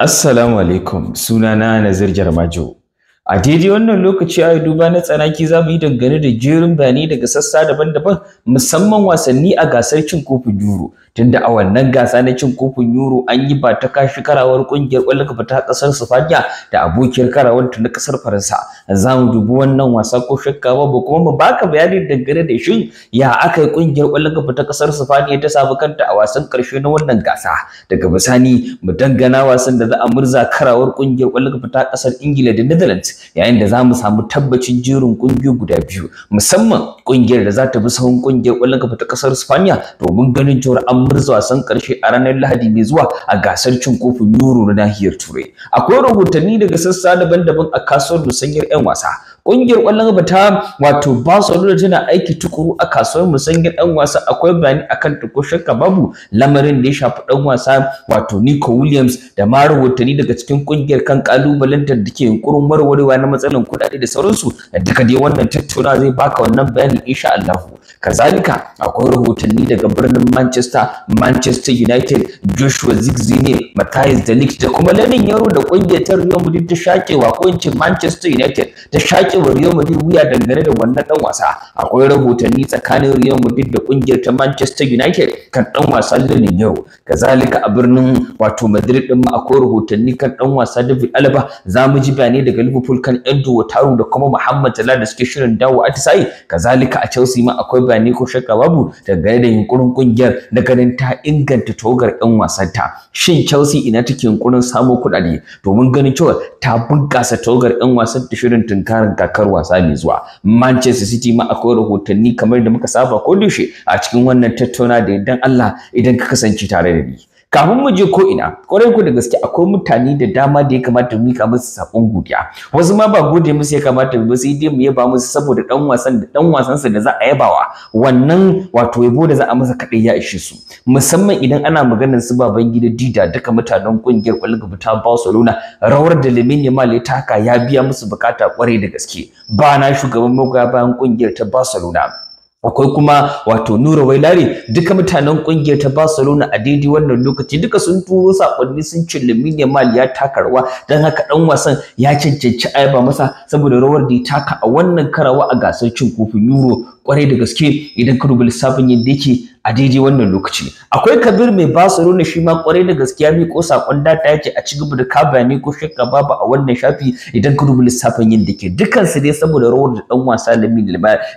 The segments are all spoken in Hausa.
Assalamu alaikum suna na Nazir Jarmajo A daidai wannan lokaci a duba na tsanaki za mu yi dangane da jerin bayanai daga sassa daban-daban musamman wasanni a gasar cin kofin yuro Tunda a wannan gasa na cin kofin yuro an yi ba ta kashi karawar kungiyar ƙwallon kafa ta ƙasar Sifaniya da abokiyar karawar ta na ƙasar Faransa. Za mu dubi wannan wasa ko shakka ba kuma mu baka bayani dangane da shin ya aka yi kungiyar ƙwallon kafa ta ƙasar Sifaniya ta samu kanta a wasan ƙarshe na wannan gasa. Daga bisani mu dangana wasan da za a murza karawar kungiyar ƙwallon kafa ta ƙasar Ingila da Netherlands yayin da za mu samu tabbacin jerin ƙungiyoyi guda biyu musamman ƙungiyar da za ta bi sahun ƙungiyar ƙwallon kafa ta ƙasar Spaniya domin ganin cewar an murza wasan ƙarshe a ranar Lahadi mai zuwa a gasar cin kofin Euro na nahiyar Turai. Akwai rahotanni daga sassa daban-daban a kasuwar musanyar 'yan wasa Ƙungiyar kwallon gaba ta wato Barcelona tana aiki tukuru a kasuwar musangin ɗan wasa akwai bayani akan tuko shakka babu lamarin da ya shafi ɗan wasa wato Nico Williams da ma rahotanni daga cikin ƙungiyar kan kalubalen da ke yunƙurin warwarewa na matsalar kuɗaɗe da sauransu da duka dai wannan tattaunawa zai baka wannan bayanin insha Allah. kazalika akwai rahotanni daga birnin Manchester Manchester United Joshua Zirkzee Matthias Delict da kuma lanin yaro da kungiyar ta Real Madrid ta shakewa ko in Manchester United ta shakewa Real Madrid wuya dangane da wannan dan wasa akwai rahotanni tsakanin Real Madrid da kungiyar ta Manchester United kan dan wasa lanin yaro kazalika a birnin wato Madrid din ma akwai rahotanni kan dan wasa David Alaba za mu ji bayanai daga Liverpool kan Endo Taru da kuma Muhammad Salah da suke shirin dawo Atisai kazalika a Chelsea ma akwai Ni ko shakka babu dangane da yunkurin kungiyar na ganin ta inganta tawagar 'yan wasanta shin Chelsea ina take yunkurin samo kuɗaɗe domin ganin cewa ta bunƙasa togar 'yan wasan da shirin tunkarin kakar wasa mai zuwa Manchester City ma akwai rahotanni kamar da muka saba ko a cikin wannan tattauna da idan Allah idan ka kasance tare da ni kafin mu je ko ina ƙwarai ku da gaske akwai mutane da dama da ya kamata mu mika musu sabon godiya wasu ma ba gode musu ya kamata mu sai dai mu yaba musu saboda dan wasan da dan wasan sa da za a yabawa wannan wato yabo da za a masa kadai ya ishe su musamman idan ana maganar su baban gida dida duka mutanen kungiyar kwalgaba ta Barcelona rawar da Lamine Yamal taka ya biya musu bukata ƙwarai da gaske ba na shugaban magoya bayan kungiyar ta Barcelona akwai kuma wato Nura Wailari duka mutanen kungiyar ta Barcelona a daidai wannan lokaci duka sun turo sakonni sun ce Lamine mal ya taka rawa dan haka dan wasan ya cancanci ayaba masa saboda rawar da ya taka a wannan karawa a gasar cin kofin Euro kwarai da gaske idan ka dubi lissafin yadda yake a daidai wannan lokaci akwai kabir mai basaro ne shi ma kwarai da gaskiya mai ko sakon data yake a cigaba da ka bayani ko shakka babu a wannan shafi idan ka dubi lissafin yin dake dukkan su dai saboda rawar da dan wasa Lamine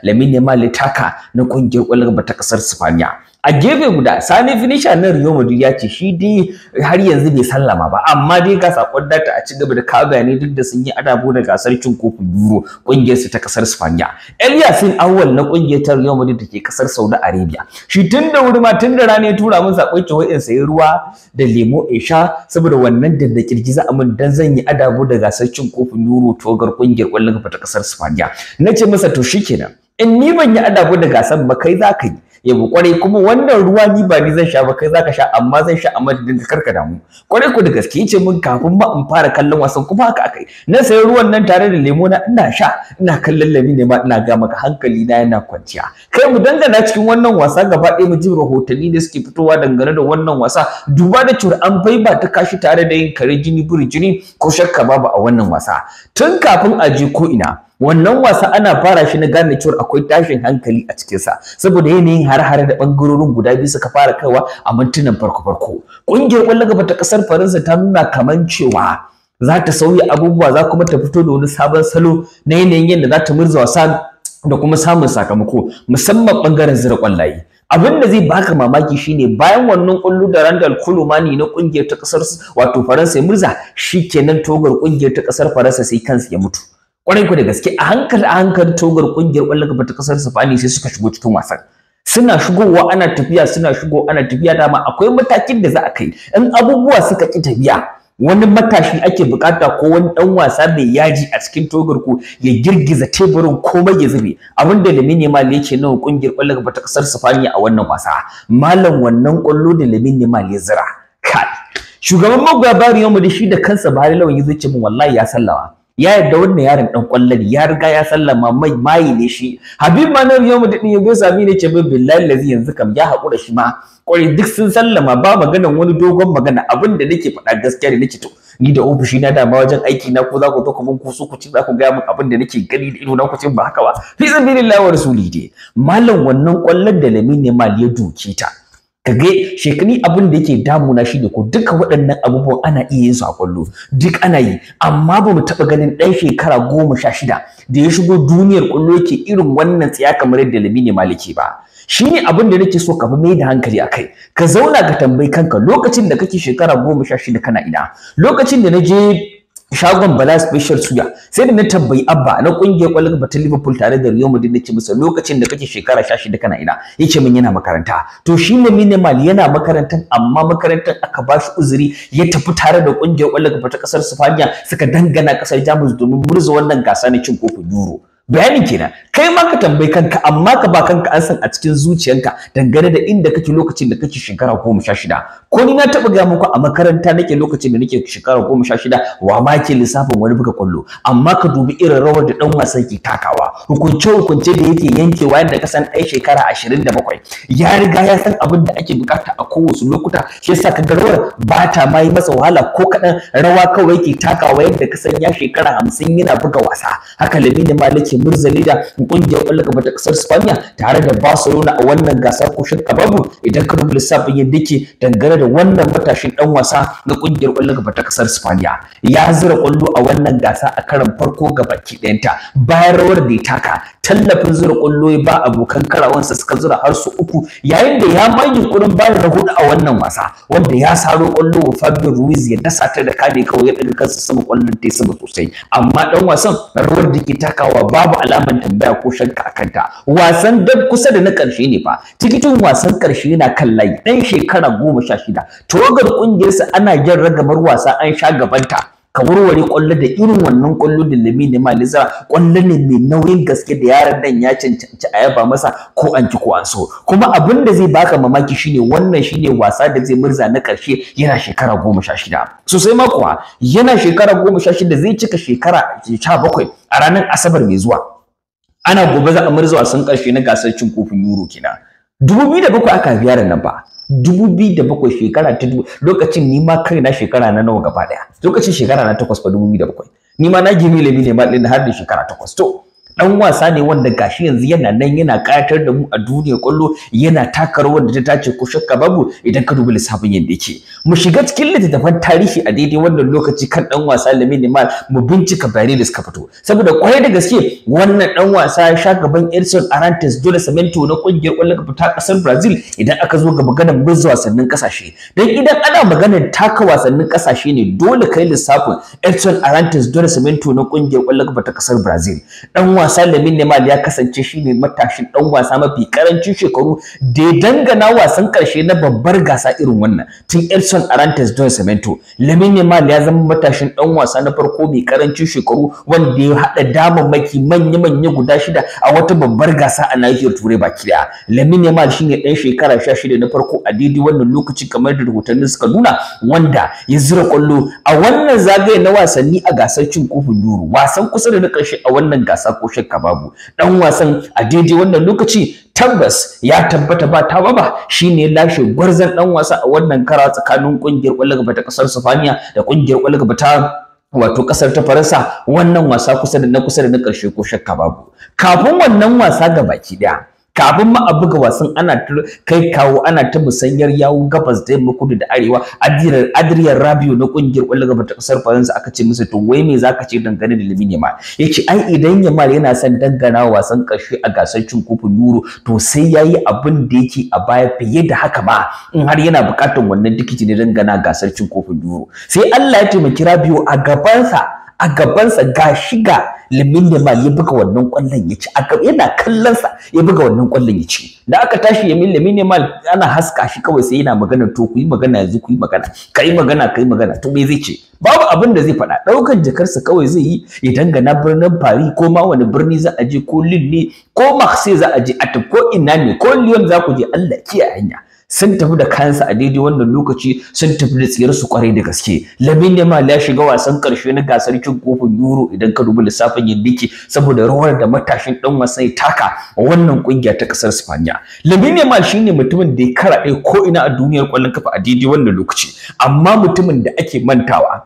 Lamine ma litaka na kungiyar kwallon ba ta kasar Spaniya a gefe guda sani finisha na Rio Madrid ya ce shi dai har yanzu bai sallama ba amma dai ga sakon data a ci gaba da kawo bayanai duk da sun yi adabu da gasar cin kofin Euro kungiyar su ta kasar Spanya El sun Awwal na kungiyar ta Rio Madrid da ke kasar Saudi Arabia shi tun da wuri ma tun da rana ya tura min sakon cewa in sayi ruwa da lemo in sha saboda wannan da kirgiza amin dan zan yi adabu da gasar cin kofin Euro togar kungiyar kwallon kafa ta kasar Spanya ce masa to shikenan in ni ban yi adabu da gasar ba kai za ka yi yabo kwarai kuma wannan ruwa ni ba ni zan sha ba kai zaka sha amma zan sha amma da ka karka damu kwarai ku da gaske ce mun kafin ba in fara kallon wasan kuma haka akai na sayi ruwan nan tare da lemo na ina sha ina kallon lami ne ma ina ga maka hankali na yana kwanciya kai mu dangana cikin wannan wasa gaba ɗaya mu ji rahotanni da suke fitowa dangane da wannan wasa duba da cewa an bai ba ta kashi tare da yin kare jini buri jini ko shakka babu a wannan wasa tun kafin a ko ina wannan wasa ana fara shi na gane cewa akwai tashin hankali a cikinsa saboda yanayin har-hare da bangarorin guda biyu suka fara kaiwa a mintunan farko-farko ƙungiyar ƙwallon gaba ta ƙasar faransa ta nuna kaman cewa za ta sauya abubuwa za kuma ta fito da wani sabon salo na yanayin yadda za ta murza wasa da kuma samun sakamako musamman ɓangaren zira ƙwallaye abin da zai baka mamaki shine bayan wannan kullu da Randall Kulumani na kungiyar ta kasar wato Faransa ya murza shikenan togar kungiyar ta ƙasar Faransa sai kansa ya mutu kwarai ku da gaske a hankali a hankali togar kungiyar ƙwallon kafa ta kasar Spain sai suka shigo cikin wasan suna shigowa ana tafiya suna shigo ana tafiya dama akwai matakin da za a kai in abubuwa suka ki tafiya wani matashi ake bukata ko wani dan wasa mai yaji a cikin togar ku ya girgiza teburin komai ya zube abin da Lamine yake nawa kungiyar ƙwallon kafa ta kasar Spain a wannan wasa malam wannan kwallo da Lamine mal ya zira kai shugaban magwabari bayan mu da shi da kansa Bahari Lawan ya zo ce min wallahi ya sallawa ya yarda wannan yaron dan kwallon ya riga ya sallama mai mayi ne shi habib ma na yau mutum ya gosa sami ne ce min billahi lazi yanzu kam ya haƙura shi ma kwarai duk sun sallama ba magana wani dogon magana abin da nake faɗa gaskiya ne nake to ni da ofishi na dama wajen aiki na ko za ku to mun ku so ku ci za ku ga min abin da nake gani da ido na ku ce ba haka ba fi sabilillahi wa rasuli dai mallan wannan kwallon da lamin ne mal ya doke ta kage shekani abin da yake damuna shi da ku duka waɗannan abubuwan ana iya yin su a kwallo duk ana yi amma ba mu taɓa ganin ɗan shekara goma sha shida da ya shigo duniyar kwallo yake irin wannan tsaya kamar yadda labini maliki ba shi ne abin da nake so ka fi mai da hankali a kai ka zauna ka tambayi kanka lokacin da kake shekara goma sha shida kana ina lokacin da na je shagon Bala Special Suya sai da na tambayi Abba na kungiyar kwallon ba ta Liverpool tare da Real Madrid nace masa lokacin da kake shekara 16 kana ina yace min yana makaranta to shine minimal yana makarantan amma makarantan aka ba shi uzuri ya tafi tare da kungiyar kwallon kafa ta kasar Spain suka dangana kasar Jamus domin murza wannan gasa na cin kofin Euro bayanin kenan kai ma ka tambayi kanka amma ka ba kanka an san a cikin zuciyanka dangane da inda kake lokacin da kake shekara goma sha shida ko ni na taɓa gaya muku a makaranta nake lokacin da nake shekara goma sha shida wa ma ke lissafin wani buga kwallo amma ka dubi irin rawar da ɗan wasa ke takawa hukunce hukunce da yake yankewa yadda ka san ɗaya shekara ashirin da bakwai ya riga ya san abin da ake bukata a kowace lokuta shi yasa ka ga rawar ba ta ma yi masa wahala ko kaɗan rawa kawai ke takawa yadda ka san ya shekara hamsin yana buga wasa haka lamini maliki ce murzali da kungiyar kwallon kafa ta kasar Spaniya tare da Barcelona a wannan gasar kushin ababu idan ka duba lissafin yadda yake dangane da wannan matashin dan wasa na kungiyar kwallon kafa ta kasar Spaniya ya zira kwallo a wannan gasa a karan farko gaba ki ɗayanta bayan rawar da ya taka tallafin zura kwallo ya ba abokan karawansa suka zura har su uku yayin da ya ma yunkurin bayar da hudu a wannan wasa wanda ya saro kwallo wa Fabio Ruiz ya dasa ta da kade kawai ya daga kansa sama kwallon ta sama sosai amma dan wasan rawar da ke takawa ba babu alaman tambaya ko shakka ta wasan dab kusa da na karshe ne fa tikitin wasan karshe yana kan layi dan shekara goma sha shida tawagar kungiyarsa ana yin ragamar wasa an sha gabanta ka warware kwallo da irin wannan kwallo da lami ne maliza kwallo ne mai nauyin gaske da yaran nan ya cancanci a yaba masa ko an ci ko an so kuma abin da zai baka mamaki shine wannan shine wasa da zai murza na karshe yana shekara goma sha shida sosai ma kuwa yana shekara goma sha shida zai cika shekara sha bakwai a ranar asabar mai zuwa ana gobe za a murza wasan karshe na gasar cin kofin euro kenan dubu da bakwai aka haifi yaron nan ba dubu biyu da bakwai shekara ta dubu lokacin ni ma kai na shekara na nawa gaba daya lokacin shekara na takwas fa dubu biyu da bakwai ni ma na gimi labi ne ma ɗin har da shekara takwas to dan wasa ne wanda gashi yanzu yana nan yana kayatar da mu a duniya kwallo yana taka rawar da ta tace ko shakka babu idan ka dubi lissafin yadda yake mu shiga cikin littattafan tarihi a daidai wannan lokaci kan dan wasa Lamine Yamal mu bincika bayanai da suka fito saboda kwarai da gaske wannan dan wasa ya sha gaban Edson Arantes dole Cemento na kungiyar kwallon ka fita kasar Brazil idan aka zo ga maganar biz wasannin kasashe dan idan ana maganar taka wasannin kasashe ne dole kai lissafin Edson Arantes dole Cemento na kungiyar kwallon ka ta kasar Brazil dan wasa Lamin ya kasance shi ne matashin dan wasa mafi karancin shekaru da ya dangana wasan ƙarshe na babbar gasa irin wannan tun Edson Arantes don Cemento Lamin Yamal ya zama matashin dan wasa na farko mai karancin shekaru wanda ya hada maki manya manyan guda shida a wata babbar gasa a nahiyar Turai baki daya Lamin shi shine ɗan shekara 16 na farko a daidai wannan lokaci kamar da rahotanni suka nuna wanda ya zira kwallo a wannan zagaye na wasanni a gasar cin kofin duru wasan kusa da na ƙarshe a wannan gasa ko shakka kababu dan wasan a daidai wannan lokaci tabbas ya tabbata ba ta baba shine lashe gwarzon dan wasa a wannan kara tsakanin kungiyar kwallon gaba ta kasar Sifaniya da kungiyar kwallon gaba ta wato kasar ta Faransa wannan wasa kusa da na kusa da na karshe ko shakka babu kafin wannan wasa ga baki daya kafin ma a buga wasan ana kai kawo ana ta musanyar yawo gabas da yamma kudu da arewa adiriyar adiriyar rabiu na kungiyar kwallon gaba ta kasar faransa aka ce musu to wai me zaka ce dangane da ma. Ya ce ai idan yamal yana son dangana wasan karshe a gasar cin kofin yuro to sai yayi abin da yake a baya fiye da haka ba, in har yana bukatar wannan tikiti ne dangana gasar cin kofin yuro sai Allah ya taimaki rabiu a gabansa a gabansa ga shiga limin ya buga wannan kwallon ya ci yana kallonsa ya buga wannan kwallon ya ci da aka tashi yamin limin mal ana haska shi kawai sai yana magana to ku yi magana yanzu ku yi magana Kai magana kai magana to me zai ce babu abin da zai faɗa ɗaukan jakarsa kawai zai yi ya dangana birnin fari ko ma wani birni za a je ko lille ko marseille za a je a ko ina ne ko lyon za ku je allah a hanya sun tafi da kansa a daidai wannan lokaci sun tafi da su kwarai da gaske labin ya shiga wasan karshe na gasar cin kofin Yuro idan ka dubi lissafin yindiki saboda rawar da matashin dan wasan ya taka wannan kungiya ta kasar spaniya labin ne ma shine mutumin da ya karaɗe ko ina a duniyar kwallon kafa a daidai wannan lokaci amma mutumin da ake mantawa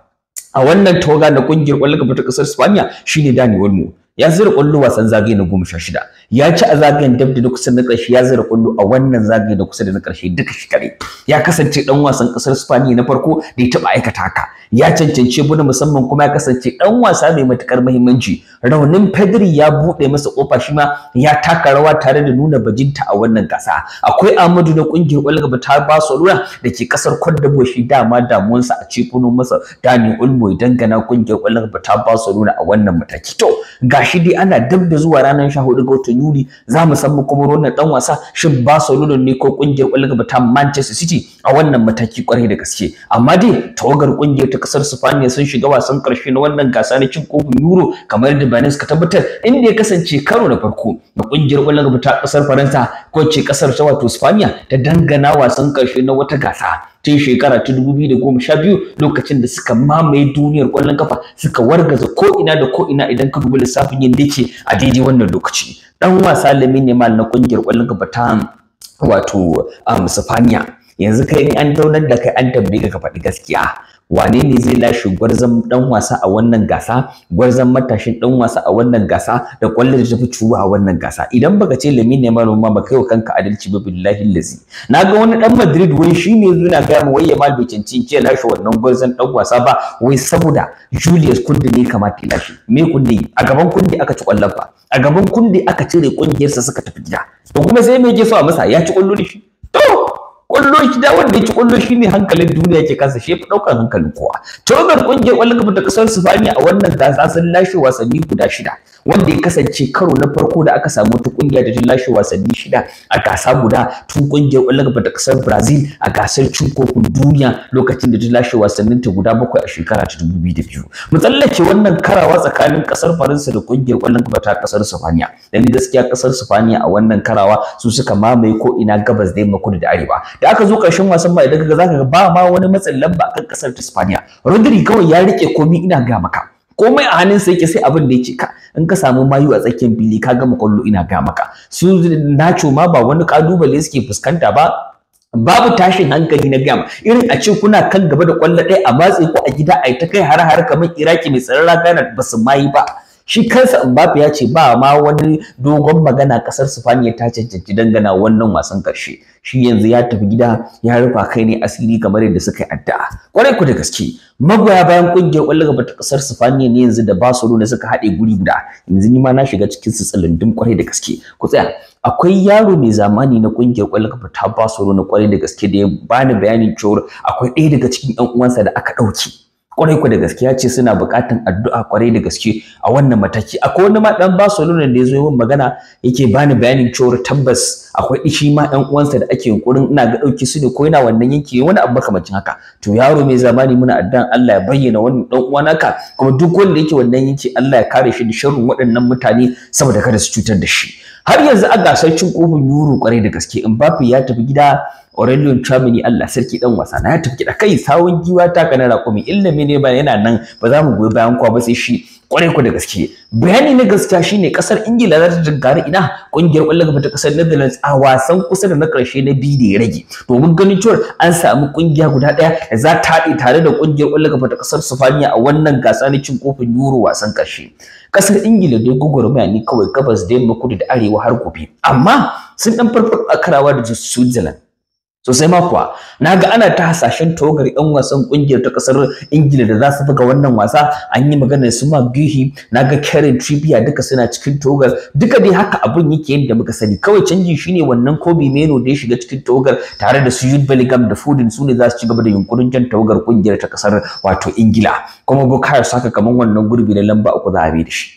a wannan tawaga na kungiyar kwallon kafa ta kasar spaniya shine dani olmo ya zira kwallo wasan zagaye na goma sha shida ya ci a zagayen dab da kusa na karshe ya zira kullu a wannan zagaye da kusa da na ƙarshe duka shi kare ya kasance dan wasan ƙasar Spaniya na farko da ya taɓa aikata haka ya cancance buna musamman kuma ya kasance dan wasa mai matukar muhimmanci raunin Pedri ya buɗe masa kofa shi ma ya taka rawa tare da nuna bajinta a wannan gasa akwai Ahmadu na kungiyar Olga ta Barcelona da ke kasar Cote d'Ivoire shi dama damuwansa a cefuno masa Dani Olmo dangana kungiyar Olga ta Barcelona a wannan mataki to gashi dai ana dab da zuwa ranar 14 ga watan nuni za mu san makomar wannan dan wasa shin Barcelona ne ko kungiyar ƙwallon ta Manchester City a wannan mataki kwarai da gaske amma dai tawagar kungiyar ta kasar Spain sun shiga wasan karshe na wannan gasa na cin kofin Euro kamar da Banis ka tabbatar inda ya kasance karo na farko na kungiyar ƙwallon ta kasar Faransa ko ce kasar ta wato Spain ta dangana wasan karshe na wata gasa tun shekara ta dubu biyu da goma sha biyu lokacin da suka mamaye duniyar kwallon kafa suka wargaza ko ina da ko ina idan ka dubi lissafin yadda yake a daidai wannan lokaci ɗan wasa Lamine Yamal na ƙungiyar kwallon kafa ta wato um, Sifaniya yanzu kai in an daunar da kai an tambayi ka faɗi gaskiya wane ne zai lashe gwarzon dan wasa a wannan gasa gwarzon matashin dan wasa a wannan gasa da kwallon da tafi ciwo a wannan gasa idan baka ce lamin ne malama ba yi wa kanka adalci ba billahi lazi ga wani dan madrid wani ne yanzu na ma wai waye mal cancin ce lashe wannan gwarzon dan wasa ba wai saboda Julius kundi ne kamata ya lashe me kundi a gaban kundi aka ci kwallon ba a gaban Kunde aka cire kungiyarsa suka tafi gida to kuma sai me yake so a masa ya ci kwallo ne shi Kwallon shi da wanda yake kullo shi ne hankalin duniya ke kasa shi ya fi hankalin kowa Togar ƙungiyar kwallon kafa ta ƙasar sifaniya a wannan gasa sun lashe wasanni guda shida wanda ya kasance karo na farko da aka samu ta ƙungiya da ta lashe wasanni shida a gasa guda tun ƙungiyar kwallon kafa ta ƙasar brazil a gasar cin kofin duniya lokacin da ta lashe wasannin ta guda bakwai a shekara ta dubu biyu da biyu mu tsallake wannan karawa tsakanin kasar faransa da ƙungiyar kwallon kafa ta ƙasar sifaniya dan gaskiya ƙasar sifaniya a wannan karawa su suka mamaye ko ina gabas da yamma kudu da arewa da aka zo ƙarshen wasan ba idan kaga zaka ga ba ma wani matsin lamba akan kasar ta Spaniya Rodri kawai ya rike komi ina ga maka komai a hannun sa yake sai abin da ya "Ka in ka samu mayu a tsakiyar fili ka gama kwallo ina ga maka su nacho ma ba wani kalubale suke fuskanta ba babu tashin hankali na gama irin a ce kuna kan gaba da kwallo ɗaya a matse ku a gida a ta kai har har kamar iraki mai tsaron ganar ba su mayi ba shi kansa Mbappe ya ce ba ma wani dogon magana kasar Spaniya ta cancanci dangana wannan wasan karshe shi yanzu ya tafi gida ya rufa kai ne asiri kamar yadda suka yi addu'a kwarai ku da gaske magoya bayan kungiyar kwallo gaba ta kasar Spaniya ne yanzu da Barcelona suka haɗe guri guda yanzu ni ma na shiga cikin su tsalindin kwarai da gaske ku tsaya akwai yaro mai zamani na kungiyar kwallon gaba ta na kwarai da gaske da ya bani bayanin cewa akwai ɗaya daga cikin ɗan uwansa da aka ɗauke kwarai ku da gaskiya ce suna buƙatan addu'a kwarai da gaske a wannan mataki akwai wani ma dan Barcelona da yazo yawan magana yake bani bayanin cewar tabbas akwai ishi ma ɗan uwansa da ake yunkurin ina ga ɗauki su ne ko yana wannan yanki wani abu makamancin haka to yaro mai zamani muna addan Allah ya bayyana wannan dan uwa naka kuma duk wanda yake wannan yanki Allah ya kare shi da sharrin waɗannan mutane saboda kada su cutar da shi har yanzu a gasar cin kofin yuro kwarai da gaske Mbappe ya tafi gida Aurelio Tchouameni Allah sarki dan wasa na ya tafi gida kai sawun giwa ta kana raƙumi illa mene ba yana nan ba za mu goyi bayan kwa ba sai shi kwarai ku da gaske bayani na gaskiya shine kasar Ingila za ta dangara ina kungiyar kwallon gaba ta kasar Netherlands a wasan kusa da na karshe na biyu da ya rage domin ganin cewa an samu kungiya guda ɗaya za ta haɗe tare da kungiyar kwallon gaba ta kasar Sifaniya a wannan gasa na cin kofin yuro wasan karshe kasar ingila dai gwagwarmaya ne kawai gabas da yamma kudu da arewa har gobe amma sun dan farfar a karawa da switzerland sosai ma kuwa na ga ana ta hasashen tawagar 'yan wasan ƙungiyar ta kasar ingila da za su buga wannan wasa an yi magana su ma gihi na ga karen tribia duka suna cikin tawagar duka dai haka abin yake da muka sani kawai canji shine wannan kobe meno da ya shiga cikin tawagar tare da su jude bellingham da foden su ne za su ci gaba da yunkurin jan tawagar kungiyar ta kasar wato ingila kuma bukayo saka kaman wannan gurbi na lamba uku za a bi da shi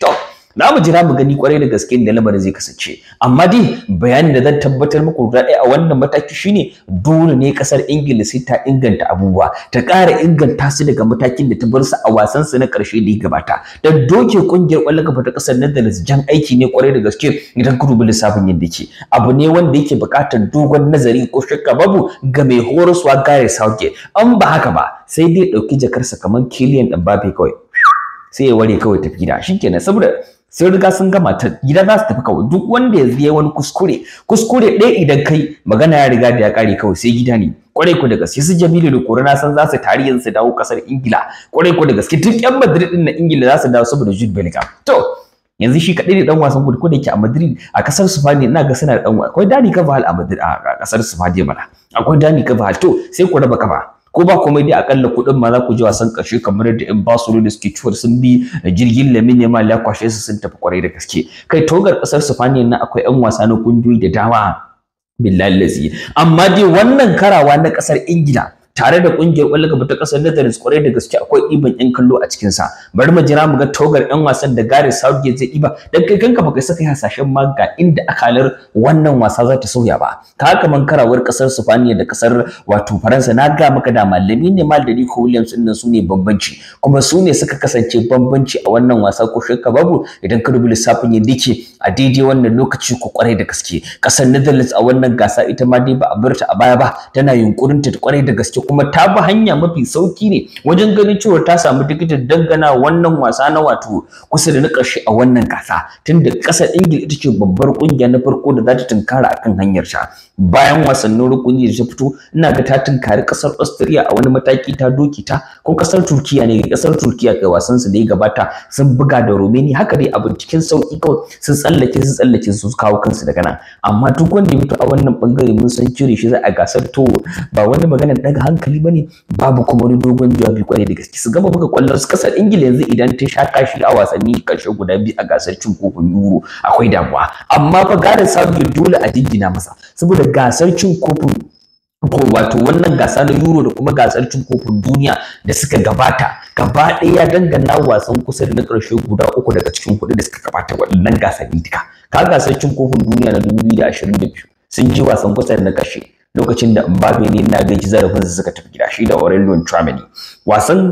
Na mu jira mu gani kwarai da gaske da lamarin zai kasance amma dai bayanin da zan tabbatar muku guda ɗaya a wannan mataki shine dole ne kasar ingila ta inganta abubuwa ta ƙara inganta su daga matakin da ta bar su a wasan su na ƙarshe da ya gabata dan doke kungiyar ƙwallon kafa ta ƙasar Netherlands jan aiki ne kwarai da gaske idan ka dubi lissafin yadda yake abu ne wanda yake buƙatar dogon nazari ko shakka babu ga mai horaswa gare sauke an ba haka ba sai dai ɗauki jakarsa kamar Kylian Mbappe kawai sai ya ware kawai tafi gida shikenan saboda Sai riga sun gama ta gida za su tafi kawai duk wanda ya zai wani kuskure kuskure ɗaya idan kai magana ya riga da ya ƙare kawai sai gida ne kwarai ku da gaske su Jamilu da Kore na san za su tarihin su dawo kasar Ingila kwarai ku da gaske duk 'yan Madrid din na Ingila za su dawo saboda Jude Bellingham to yanzu shi kaɗai ne dan wasan gudu ko da yake a Madrid a kasar Spain ina ga suna da dan akwai Dani Carvajal a Madrid a kasar Spain mana akwai Dani Carvajal to sai ku raba kafa ko ba komai dai akalla kuɗin ma za ku ji wasan ƙarshe kamar yadda 'yan basuru da suke ciwar sun bi jirgin ne ma ya kwashe su sun tafi kwarai da gaske kai togar ƙasar sifaniya na akwai ƴan wasa na kungiyoyi da dama billahi lazi amma dai wannan karawa na ƙasar ingila tare da kungiyar ƙwallon ta kasar Netherlands kwarai da gaske akwai iban yan kallo a cikin sa bari mu jira mu ga togar yan wasan da Gareth Southgate zai iba dan kai kanka baka saka hasashen maga ga inda akalar wannan wasa za ta sauya ba ka haka man karawar kasar Spaniya da kasar wato Faransa na ga maka da Lamine ne mal da Nico Williams din su ne bambanci kuma su ne suka kasance bambanci a wannan wasa ko shakka babu idan ka rubuta lissafin yadda yake a daidai wannan lokaci ko kwarai da gaske ƙasar Netherlands a wannan gasa ita ma dai ba a bar a baya ba tana yunkurin ta kware da gaske kuma ta bi hanya mafi sauki ne wajen ganin cewa ta samu tikitin dangana wannan wasa na wato kusa da na ƙarshe a wannan gasa tunda ƙasar ingila ita ce babbar ƙungiya na farko da za ta tunkara akan hanyar sha bayan wasannin rukuni da ta fito ina ga ta tunkari ƙasar austria a wani mataki ta doki ta ko ƙasar turkiya ne ƙasar turkiya kai wasan su da ya gabata sun buga da romania haka dai abin cikin sauki kawai sun tsallake sun tsallake su kawo kansu daga nan amma duk wanda ya fito a wannan bangare mun san cire shi za a gasar to ba wani maganar daga hankali ba ne babu kuma wani dogon jawabi kwarai da gaske su gama buga kwallon su kasar ingila yanzu idan ta sha kashi a wasanni karshe guda biyu a gasar cin kofin euro akwai damuwa amma fa gara sabiyo dole a jinjina masa saboda gasar cin kofin ko wato wannan gasa na euro da kuma gasar cin kofin duniya da suka gabata gaba ɗaya dangana wasan kusa da na ƙarshe guda uku daga cikin hudu da suka gabata waɗannan gasar duka ka gasar cin kofin duniya na 2022 sun ji wasan kusa da na karshe lokacin da Mbappe ne na gaji zarafin suka tafi gida shi da Aurelio Tchouameni wasan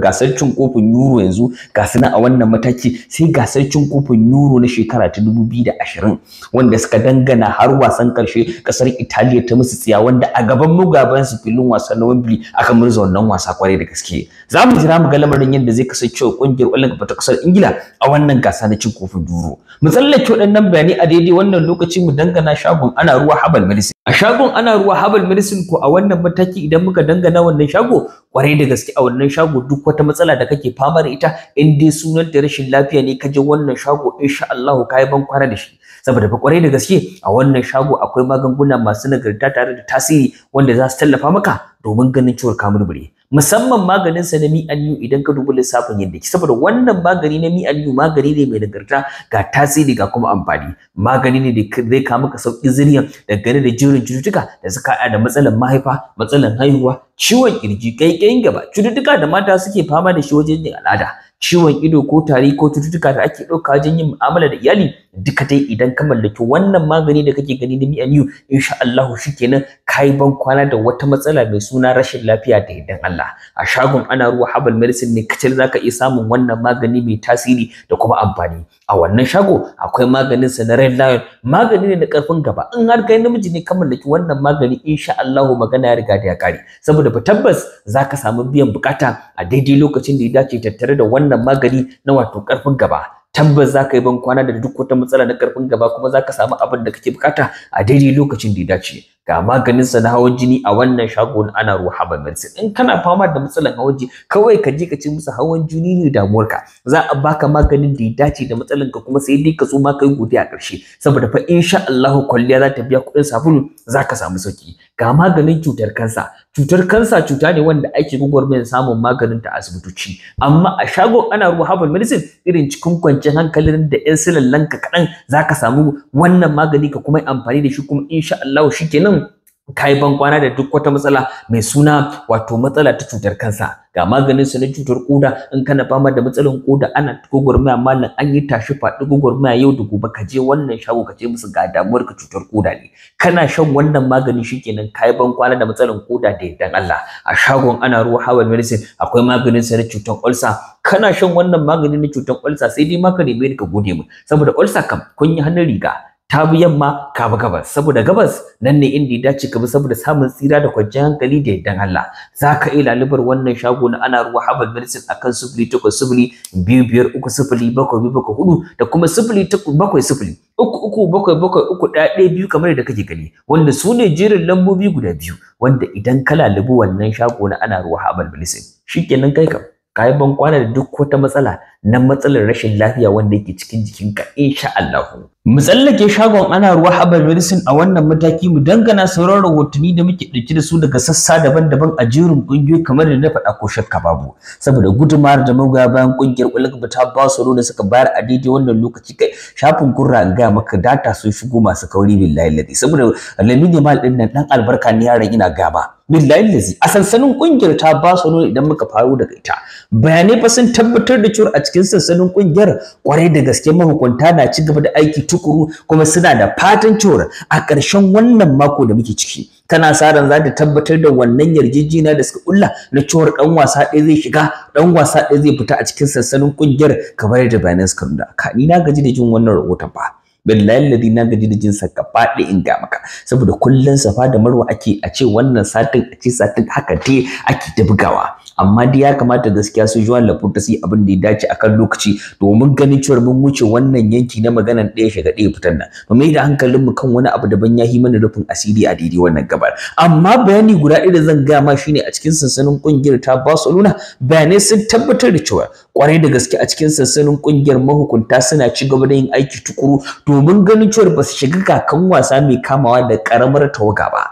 gasar cin kofin Euro yanzu ga suna a wannan mataki sai gasar cin kofin Euro na shekara ta 2020 wanda suka dangana har wasan karshe kasar Italiya ta musu tsiya wanda a gaban mugaban su filin wasa na Wembley aka murza wannan wasa kwarai da gaske za mu jira mu ga lamarin yadda zai kasance kungiyar Olympic ta kasar Ingila a wannan gasa na cin kofin Euro mu tsallake waɗannan bayanai a daidai wannan lokaci mu dangana shagon ana ruwa habal medicine a shagon ana ruwa habal medicine ko a wannan mataki idan muka dangana wannan shago kwarai da gaske a wannan shago duk wata matsala da kake fama da ita in dai sunan da rashin lafiya ne ka je wannan shago insha Allah ka ban kwara da shi saboda fa kwarai da gaske a wannan shago akwai magunguna masu nagarta tare da tasiri wanda za su tallafa maka domin ganin ciwon ka murmure musamman maganin sa na mi aliyu idan ka duba lissafin yadda ki saboda wannan magani na mi aliyu magani ne mai nagarta ga tasiri ga kuma amfani magani ne da zai kawo maka sauki zuriya dangane da jirin cututtuka da suka haɗa da matsalan mahaifa matsalan haihuwa ciwon kirji kaikayin gaba cututtuka da mata suke fama da shi wajen yin al'ada ciwon ido ko tari ko cututtuka da ake ɗauka wajen yin mu'amala da iyali duka dai idan ka mallaki wannan magani da kake gani da mi'aniyu insha Allah shikenan kai ban kwana da wata matsala mai suna rashin lafiya da idan Allah a shagon ana ruwa habal medicine ne kacal zaka iya samun wannan magani mai tasiri da kuma amfani a wannan shago akwai maganin sa na red lion magani ne na karfin gaba in har kai namiji ne ka mallaki wannan magani insha Allah magana ya riga da ya kare saboda ba tabbas zaka samu biyan bukata a daidai lokacin da ya dace tattare da wannan magani na wato karfin gaba tabbas za ka yi ban kwana da duk wata matsala na karfin gaba kuma za ka samu abin da kake bukata a daidai lokacin da ya dace ga maganin sa na hawan jini a wannan shagon ana ruwa haba medicine in kana fama da matsalan hawan jini kawai ka je ka ce musu hawan jini ne damuwarka za a baka maganin da ya dace da matsalan ka kuma sai dai ka zo ma kai godiya a ƙarshe saboda fa insha Allah kwalliya za ta biya kuɗin sabulu za ka samu sauki ga maganin cutar kansa cutar kansa cuta ne wanda ake gwagwarmayar samun maganin ta asibitoci amma a shagon ana ruwa haban medicine irin cikin kwanci kwanciyar hankali da yan silallanka kaɗan za ka samu wannan magani ka kuma amfani da shi kuma insha Allah shi kenan ka yi bankwana da duk wata matsala mai suna wato matsala ta cutar kansa ga maganin sa na cutar koda in kana fama da matsalan koda ana mai mallam an yi tashi faɗi mai yau da gobe ka je wannan shago ka ce musu ga damuwar ka cutar koda ne kana shan wannan magani shikenan ka bankwana da matsalan koda da yardan Allah a shagon ana ruwa hawa medicine akwai maganin sa na cutar ulsa kana shan wannan magani na cutar ulsa sai dai maka ne mai ka gode mu saboda ulsa kam kun yi hannun riga ta bi yamma ka gabas saboda gabas nan ne inda ya dace ka bi saboda samun tsira da kwanciyar hankali da yaddan Allah za ka iya lalubar wannan shago na ana ruwa habal medicine akan sufuri takwas sufuri biyu biyar uku bakwai biyu bakwai hudu da kuma sufuri bakwai sufuri uku uku bakwai bakwai uku ɗaya ɗaya biyu kamar da kake gani wanda su ne jerin lambobi guda biyu wanda idan ka lalubi wannan shago na ana ruwa habal medicine shikenan kai kam ka yi ban kwana da duk wata matsala na matsalar rashin lafiya wanda yake cikin jikinka insha Allah mu tsallake shagon ana ruwa haba medicine a wannan mataki mu dangana sauran rahotanni da muke ɗauke da su daga sassa daban-daban a jerin ƙungiyoyi kamar da na faɗa ko shakka babu saboda gudumar da magoya bayan ƙungiyar ulagba ta ba su da suka bayar a daidai wannan lokaci kai shafin kurra an gaya maka data sun shigo masu kauri billahi ladi saboda lamini mal ɗin nan ɗan albarka ne yaran ina gaba billahi lazi a sansanin kungiyar ta ba su nuna idan muka faro daga ita bayanai fa sun tabbatar da cewa a cikin sansanin kungiyar kwarai da gaske mahukunta na ci gaba da aiki sukuru kuma suna da fatan cewa a ƙarshen wannan mako da muke ciki tana sa ran za ta tabbatar da wannan yarjejina da suka kulla na cewar ɗan wasa ɗaya zai shiga ɗan wasa ɗaya zai fita a cikin sansanin kungiyar kamar yadda bayanan suka nuna ka ni na gaji da jin wannan rahoton ba billahi ladi na gaji da jin sa gaba da in ga maka saboda kullun safa da marwa ake a ce wannan satin a ce satin haka te ake da bugawa amma dai ya kamata gaskiya su juwan ta su abin da ya dace akan lokaci domin ganin cewa mun wuce wannan yanki na maganan ɗaya shiga ɗaya fitan nan mu mai da hankalin mu kan wani abu da ban ya yi mana rufin asiri a daidai wannan gabar amma bayani guda ɗaya da zan gaya ma shine a cikin sansanin kungiyar ta Barcelona bayanai sun tabbatar da cewa kwarai da gaske a cikin sansanin kungiyar mahukunta suna ci gaba da yin aiki tukuru domin ganin cewa ba su shiga kakan wasa mai kamawa da karamar tawaga ba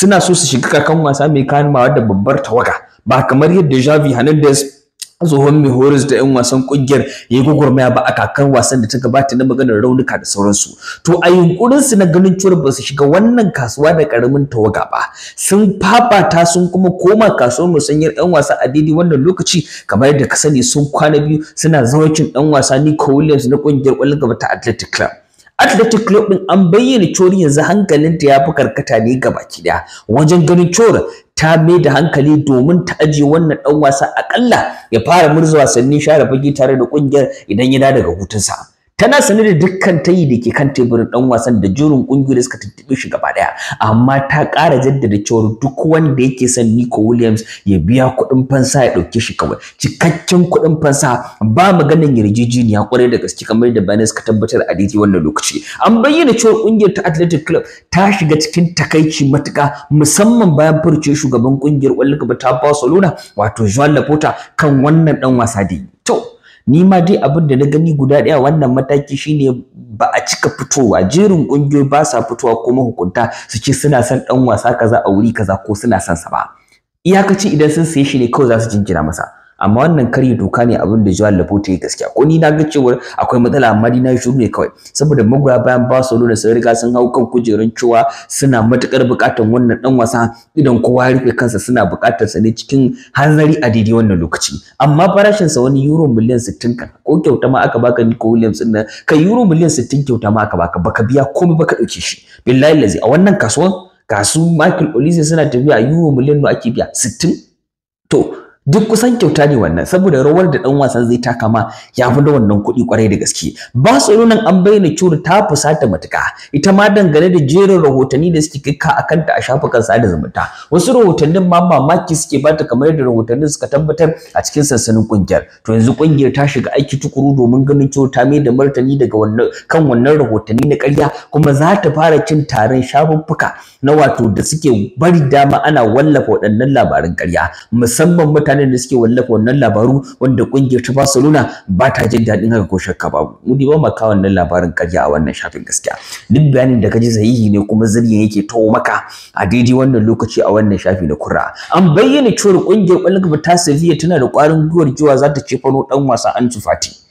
suna so su shiga kakan wasa mai kamawa da babbar tawaga ba kamar yadda Javi Hernandez tsohon mai horis da 'yan wasan kungiyar ya yi gwagwarmaya ba a kakan wasan da ta gabata na maganar raunuka da sauransu to a yunkurinsu na ganin cewar ba su shiga wannan kasuwa da karamin tawaga ba sun fafata sun kuma koma kasuwar musanyar 'yan wasa a daidai wannan lokaci kamar yadda ka sani sun kwana biyu suna zawacin 'yan wasa Nico Williams na kungiyar kwallon gaba ta Athletic Club Athletic Club din an bayyana cori yanzu hankalinta ya fi karkata ne ga baki daya wajen ganin cori ta mai da hankali domin ta aje wannan ɗan wasa akalla ya fara murza wasanni share fage tare da ƙungiyar idan ya daga hutunsa tana sane da dukkan tayi da ke kan teburin dan wasan da jurin kungiyoyi suka tuntube shi gaba daya amma ta ƙara jaddada cewa duk wanda yake son Nico Williams ya biya kuɗin fansa ya ɗauke shi kawai cikakken kuɗin fansa ba maganin yarjejeniya kwarai da gaske kamar da bayanai ka tabbatar a daidai wannan lokaci an bayyana cewa kungiyar ta Athletic Club ta shiga cikin takaici matuka, musamman bayan furce shugaban kungiyar Wallaka gaba ta Barcelona wato Joan Laporta kan wannan dan wasa da ni ma dai abin da na gani guda ɗaya wannan mataki shine ba a cika fitowa jerin ƙungiyoyi ba sa fitowa ko mahukunta su ce suna son ɗan wasa kaza a wuri kaza ko suna son sa ba iyakaci idan sun saye shi ne kawai za su jinjina masa amma wannan karya doka ne abin da Joel Labote ya gaskiya ko ni na ga cewa akwai matsala amma ni na yi ne kawai saboda magoya bayan Barcelona sun riga sun hau kan kujerun cewa suna matukar buƙatar wannan dan wasa idan kowa ya rufe kansa suna buƙatar sa ne cikin hanzari a daidai wannan lokaci amma farashin sa wani euro miliyan 60 kan ko kyauta ma aka baka Nico Williams din nan kai euro miliyan 60 kyauta ma aka baka baka biya komai baka dauke shi billahi lazi a wannan kasuwan kasu Michael Olise suna tafiya euro miliyan nawa ake biya 60 to duk kusan kyauta ne wannan saboda rawar da dan wasan zai taka ma ya fi da wannan kuɗi kwarai da gaske Ba nan an bayyana cewa ta fusata matuka ita ma dangane da jerin rahotanni da suke kika akan ta a shafukan sada zumunta wasu rahotannin ma mamaki suke bata kamar yadda rahotannin suka tabbatar a cikin sansanin ƙungiyar. to yanzu ƙungiyar ta shiga aiki tukuru domin ganin cewa ta mai da martani daga wannan kan wannan rahotanni na ƙarya kuma za ta fara cin taron shafuffuka na wato da suke bari dama ana wallafa waɗannan labarin ƙarya musamman mutanen da suke wallafa wannan labaru wanda ƙungiyar ta Barcelona ba ta jin daɗin haka ko shakka ba mu ba ma kawo wannan labarin ƙarya a wannan shafin gaskiya duk bayanin da kaji sahihi ne kuma zirgin yake tawo maka a daidai wannan lokaci a wannan shafi na kura. an bayyana cewa ƙungiyar ƙwallon ta Sevilla tana da ƙwarin gwiwar cewa za ta cefano ɗan wasan Ansu Fati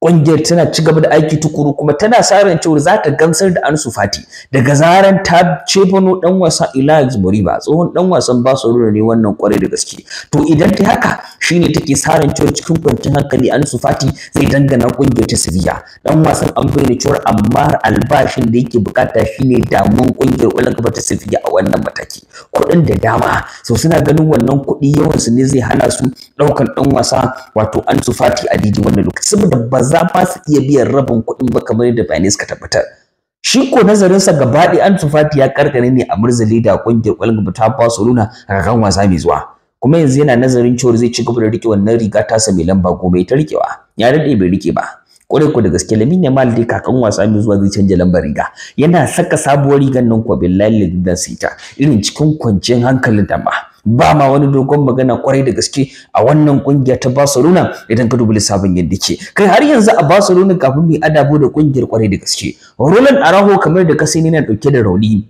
ƙungiyar tana ci gaba da aiki tukuru kuma tana sa ran cewa za ta gamsar da Ansu Fati daga zaran ta cebono dan wasa Elias Moriba tsohon dan wasan Barcelona ne wannan kwarai da gaske to idan ta haka shine take sa ran cewa cikin kwanciyar hankali Ansu Fati zai dangana ƙungiyar ta Sevilla dan wasan an bayyana cewa amma albashin da yake bukata shine damun ƙungiyar ƙwallon kafa ta Sevilla a wannan mataki kuɗin da dama so suna ganin wannan kuɗi su ne zai hana su ɗaukan dan wasa wato Ansu Fati a didi wannan lokaci saboda ba za ba su iya biyan rabin kuɗin ba kamar yadda bayanai suka tabbatar shi ko nazarinsa gaba ɗaya an tufati ya karkare ne a murzali da ƙungiyar ba ta nuna a kakan wasa mai zuwa kuma yanzu yana nazarin cewa zai ci gaba da rike wannan riga tasa mai lamba goma ta rikewa ya daɗe bai rike ba ƙwarai ko da gaske lamin ya dai kakan wasa mai zuwa zai canja lambar riga yana saka sabuwar rigar nan ko billahi da sita irin cikin kwanciyar hankalin ta ba ba ma wani dogon magana kwarai da gaske a wannan kungiya ta Barcelona idan ka dubi lissafin yadda ke kai har yanzu a Barcelona kafin mu adabo da kungiyar kwarai da gaske Roland Araujo kamar da kasani yana dauke da rauni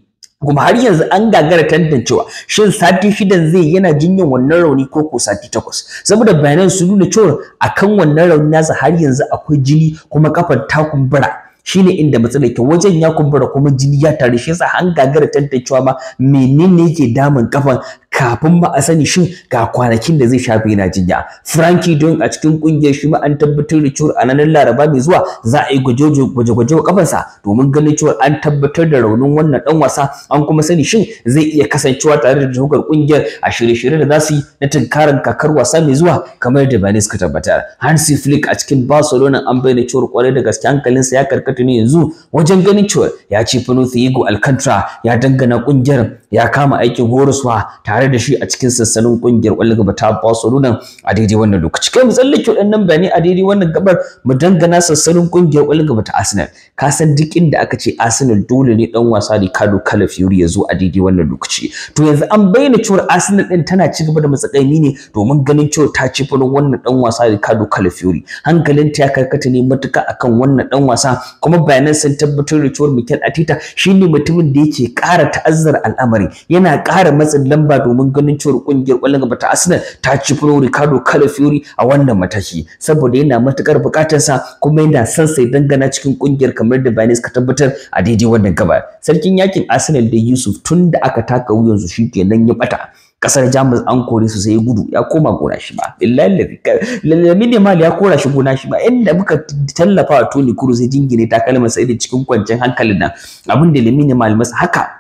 kuma har yanzu an gagara tantancewa shin sati shidan zai yana jinyan wannan rauni ko ko sati takwas saboda bayanan su nuna cewa akan wannan rauni nasa har yanzu akwai jini kuma kafar ta kumbura shine inda matsalar ke wajen ya kumbura kuma jini ya tare shi yasa an gagara tantancewa ma menene yake damun kafan kafin ba a sani shin ga kwanakin da zai shafe yana jinya Frankie Dong a cikin kungiyar shi ma an tabbatar da cewa a ranar Laraba mai zuwa za a yi gwaje-gwaje wa kafansa domin ganin cewa an tabbatar da raunin wannan dan wasa an kuma sani shin zai iya kasancewa tare da jagorar kungiyar a shirye-shirye da za su yi na tunkarar kakar wasa mai zuwa kamar da Bane suka tabbatar Hansi Flick a cikin Barcelona an bayyana cewa kwarai da gaske hankalinsa ya karkata ne yanzu wajen ganin cewa ya ci Fano Thiago Alcantara ya dangana kungiyar ya kama aikin horaswa tare tare da shi a cikin sassanin kungiyar ƙwallon gaba ta Barcelona a daidai wannan lokaci kai mu tsallake waɗannan bayanai a daidai wannan gabar mu dangana sassanin kungiyar ƙwallon gaba ta Arsenal ka san duk inda aka ce Arsenal dole ne dan wasa kala Calafiori ya zo a daidai wannan lokaci to yanzu an bayyana cewa Arsenal din tana ci gaba da matsakaimi ne domin ganin cewa ta ci fulun wannan dan wasa Ricardo Calafiori hankalinta ya karkata ne matuka akan wannan dan wasa kuma bayanan sun tabbatar da cewa Mikel Arteta shine mutumin da yake ƙara ta'azzar al'amari yana ƙara matsin lamba domin ganin cewa kungiyar kwallon gaba ta Arsenal ta ci furo Ricardo Calafiori a wannan mataki saboda yana matukar bukatar sa kuma yana son sai dangana cikin kungiyar kamar da Banis ka tabbatar a daidai wannan gaba sarkin yakin Arsenal da Yusuf tun da aka taka wuyansu shikenan ya bata kasar jamus an kore su sai gudu ya koma gona shi ma lalami mal ya kora shi gona shi ma inda muka tallafa wa toni kuru ya jingine takalmar sai da cikin kwanciyar hankalin nan abin da lamini mal masa haka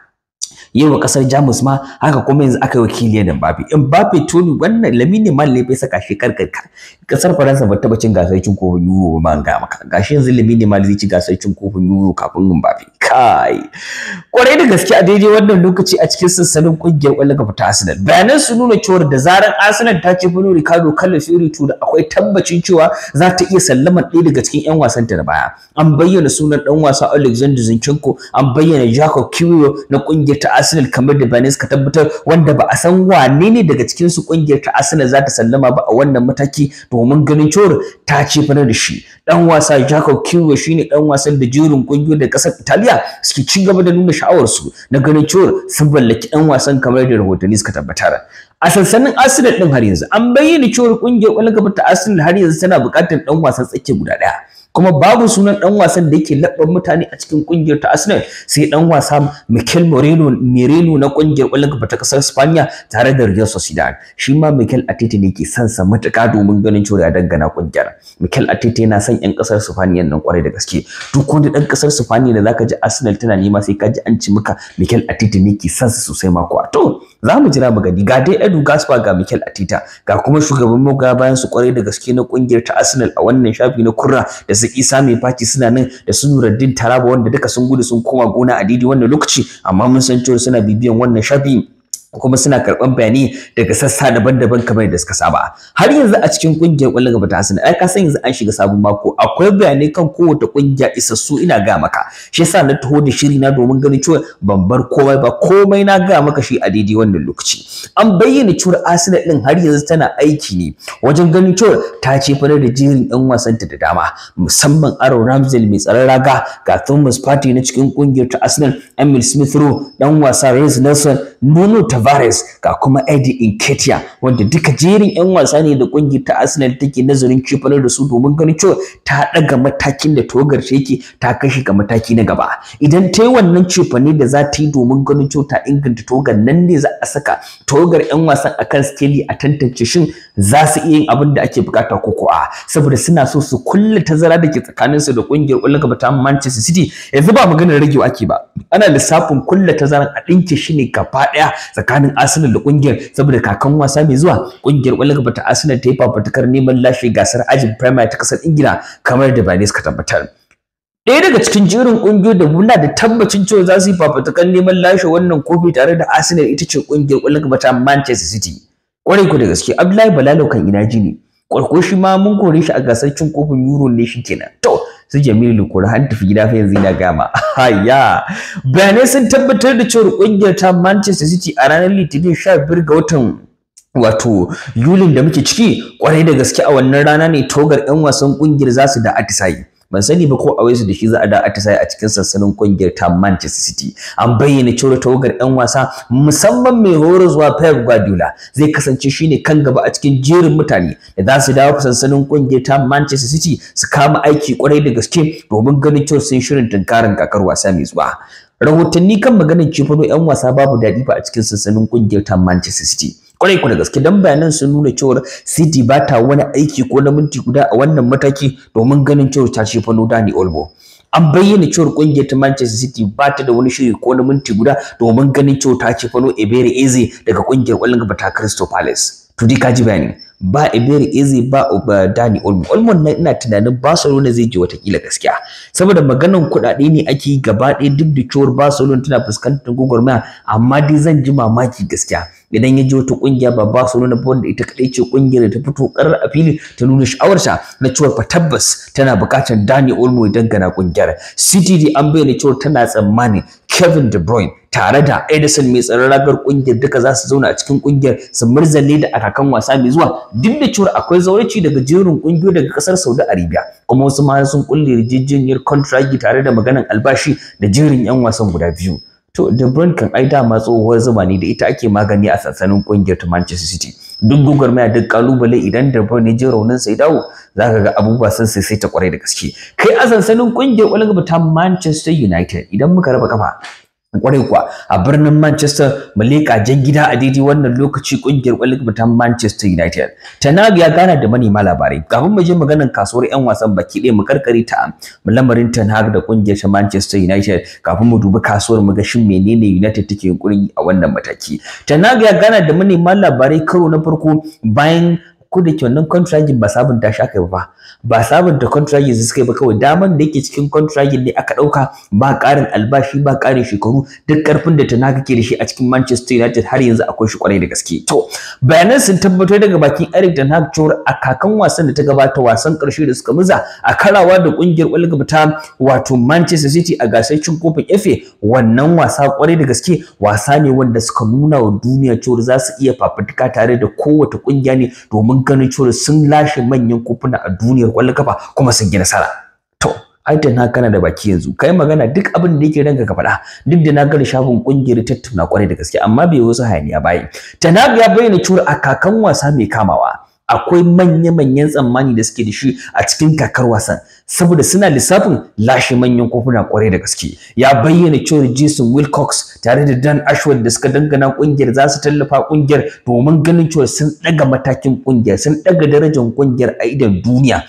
yi wa kasar Jamus ma haka kuma yanzu aka yi wakili da Mbappe Mbappe tuni wannan Lamine Yamal ne bai saka shi karkarkar kasar Faransa ba taba cin gasar cin kofin yuro ba ma ga maka gashi yanzu Lamine Yamal zai ci gasar cin kofin yuro kafin Mbappe kai kwarai da gaske a daidai wannan lokaci a cikin sassanin kungiyar kwallon kafa ta Arsenal bayanan su nuna cewa da zaran Arsenal ta ce Bruno Ricardo kalla, Fiori to da akwai tabbacin cewa za ta iya sallama ɗaya daga cikin 'yan wasanta da baya an bayyana sunan dan wasa Alexander Zinchenko an bayyana Jacob Kiwiyo na kungiyar ta Arsenal kamar da Banes ka tabbatar wanda ba a san wane ne daga cikin su kungiyar ta Arsenal za ta sallama ba a wannan mataki domin ganin cewa ta ce fara da shi dan wasa Jacob Kiwo shine dan wasan da jerin kungiyar da kasar Italiya suke ci gaba da nuna sha'awar su na ganin cewa sun ballaki dan wasan kamar da rahotanni suka tabbatar a sansanin Arsenal din har yanzu an bayyana cewa kungiyar kwallon gaba ta Arsenal har yanzu tana buƙatar dan wasan tsakiya guda daya kuma babu sunan dan wasan da yake labban mutane a cikin kungiyar ta Arsenal sai dan wasa Mikel Moreno Merino na kungiyar kwallon kafa ta kasar Spaniya tare da Real Sociedad shi ma Mikel Arteta ne ke son sa matuka domin ganin cewa ya dangana kungiyar Mikel Arteta yana son yan kasar Spaniya nan kwarai da gaske duk wanda dan kasar Spaniya da zaka ji Arsenal tana nema sai ka ji an ci maka Mikel Arteta ne ke son sa sosai ma kuwa to zamu jira mu gani ga dai Edu Gaspar ga Mikel Arteta ga kuma shugaban mu ga bayan su kwarai da gaske na kungiyar ta Arsenal a wannan shafi na kurra da su Isa mai faci suna nan da su nuraddin Taraba wanda duka sun gudu sun koma gona a didi wannan lokaci amma mun san cewa suna bibiyan wannan shafi kuma suna karɓar bayanai daga sassa daban-daban kamar da suka saba har yanzu a cikin ƙungiyar ƙwallon gaba ta Arsenal ai ka san yanzu an shiga sabon mako akwai bayanai kan kowace kungiya isassu ina ga maka shi yasa na taho da shiri na domin ganin cewa ban bar komai ba komai na ga maka shi a daidai wannan lokaci an bayyana cewa Arsenal din har yanzu tana aiki ne wajen ganin cewa ta ce fara da jerin ɗan wasanta da dama musamman Aaron Ramsey mai tsaron raga ga Thomas Partey na cikin ƙungiyar ta Arsenal Emil Smith Rowe dan wasa Reece Nelson Nuno Tavares ga kuma Eddie Inketia wanda duka jerin ƴan wasa ne da kungiyar ta Arsenal take nazarin kifanar da su domin ganin cewa ta daga matakin da togar ta yake ta kashi ga mataki na gaba idan ta yi wannan cefane da za ta yi domin ganin cewa ta inganta togar nan ne za a saka togar ƴan wasan akan skeli a tantance shin za su iya yin abin da ake bukata ko ko saboda suna so su kulle tazara da ke tsakanin su da kungiyar ƙwallon gaba ta Manchester City yanzu ba maganar ragewa ake ba ana lissafin kulle tazaran a ɗinke shi ne gaba ɗaya tsakanin Arsenal da kungiyar saboda kakan wasa mai zuwa kungiyar kwallon bata Arsenal ta yi fafutukar neman lashe gasar ajin Premier ta kasar Ingila kamar da Banis ka tabbatar. Ɗaya daga cikin jerin ƙungiyoyi da muna da tabbacin cewa za su yi fafutukar neman lashe wannan kofi tare da Arsenal ita ce kungiyar ƙwallon gaba ta Manchester City. Kwarai ku da gaske Abdullahi Balalo kan ina ji ne. Kwarko ma mun kore shi a gasar cin kofin Euro ne shi kenan. To su Jamilu Lukuri har tafi gida fa yanzu ina gama haya bayanai sun tabbatar da cewa kungiyar ta Manchester City a ranar Litinin 15 ga watan wato yulin da muke ciki kwarai da gaske a wannan rana ne togar 'yan wasan kungiyar zasu da atisayi ban sani ba ko a waisu da shi za a da atisaye a cikin sansanin kungiyar ta Manchester City an bayyana cewa tawagar yan wasa musamman mai horo zuwa Pep Guardiola zai kasance shine kan gaba a cikin jerin mutane da za su dawo sansanin kungiyar ta Manchester City su kama aiki kwarai da gaske domin ganin cewa sun shirin tunkarin kakar wasa mai zuwa rahotanni kan maganar cefano yan wasa babu daɗi ba a cikin sansanin kungiyar ta Manchester City kwarai ku da gaske dan bayanan sun nuna cewa City ba ta wani aiki ko na minti guda a wannan mataki domin ganin cewa ta shi fa Dani olbo an bayyana cewa kungiyar ta Manchester City ba ta da wani shiri ko na minti guda domin ganin cewa ta ci no Ebere Eze daga kungiyar Kwallon gaba ta Crystal Palace. To dai kaji bayani ba Ebere Eze ba Dani Olmo. Olmo na ina tunanin Barcelona zai je watakila gaskiya saboda maganan kuɗaɗe ne ake yi gaba ɗaya duk da cewar Barcelona tana fuskantar gwagwarmaya amma dai zan ji mamaki gaskiya. idan ya ji wata kungiya babba su nuna da ita kadai ce kungiyar da ta fito karar a fili ta nuna sha'awarta na cewa fa tabbas tana bukatar Dani Olmo idan dangana kungiyar CTD an bayyana cewa tana tsammani Kevin De Bruyne tare da Edison mai tsaron ragar ƙungiyar duka za su zauna a cikin ƙungiyar, su murzalle da atakan wasa mai zuwa duk da cewa akwai zauraci daga jerin kungiyoyi daga kasar Saudi Arabia kuma wasu ma sun kulle yarjejeniyar contract tare da maganan albashi da jerin yan wasan guda biyu to De Bruyne kan ai dama tsohuwar zuba ne da ita ake magani a sansanin kungiyar ta Manchester City duk mai duk kalubale idan De Bruyne je raunin sai dawo zaka ga abubuwa sun sai ta kwarai da gaske kai a sansanin kungiyar kwalgaba ta Manchester United idan muka raba kafa kwarai kuwa a birnin Manchester Malika jan gida a daidai wannan lokaci kungiyar kwallon ta Manchester United Tanag ya gana da mani ma labarai kafin mu je maganar kasuwar yan wasan baki ɗaya mu karkare ta lamarin Tanag da kungiyar ta Manchester United kafin mu dubi kasuwar mu ga shin menene United take yunkuri a wannan mataki Tanag ya gana da mani ma labarai karo na farko bayan ko da ke wannan contragin ba sabunta shi aka yi ba ba sabunta contragin su suka yi ba kawai daman da yake cikin contragin ne aka dauka ba karin albashi ba ƙarin shekaru duk ƙarfin da tana kake da shi a cikin Manchester United har yanzu akwai shi kwarai da gaske to bayanan sun tabbatar daga bakin Eric ten Hag cewa a kakan wasan da ta gabata wasan karshe da suka muza a karawa da kungiyar ƙwallon ta wato Manchester City a gasar cin kofin FA wannan wasa kwarai da gaske wasa ne wanda suka nuna wa duniya cewa za su iya fafutuka tare da kowace kungiya ne domin mun gano cewa sun lashe manyan kofuna a duniyar kwallon kafa kuma sun yi nasara to ai da na kana da baki yanzu kai magana duk abin da yake ranka ka faɗa duk da na gani shafin ƙungiyar tattauna kwarai da gaske amma bai wasu hayaniya bayi tanab ya bayyana cewa a kakan wasa mai kamawa akwai manya-manyan tsammani da suke da shi a cikin kakar wasan saboda suna lissafin lashe manyan kofuna kwarai da gaske ya bayyana cewa Jason Wilcox tare da Dan ashwood da suka dangana kungiyar za su tallafa kungiyar domin ganin cewa sun daga matakin kungiyar sun daga darajar kungiyar a idan duniya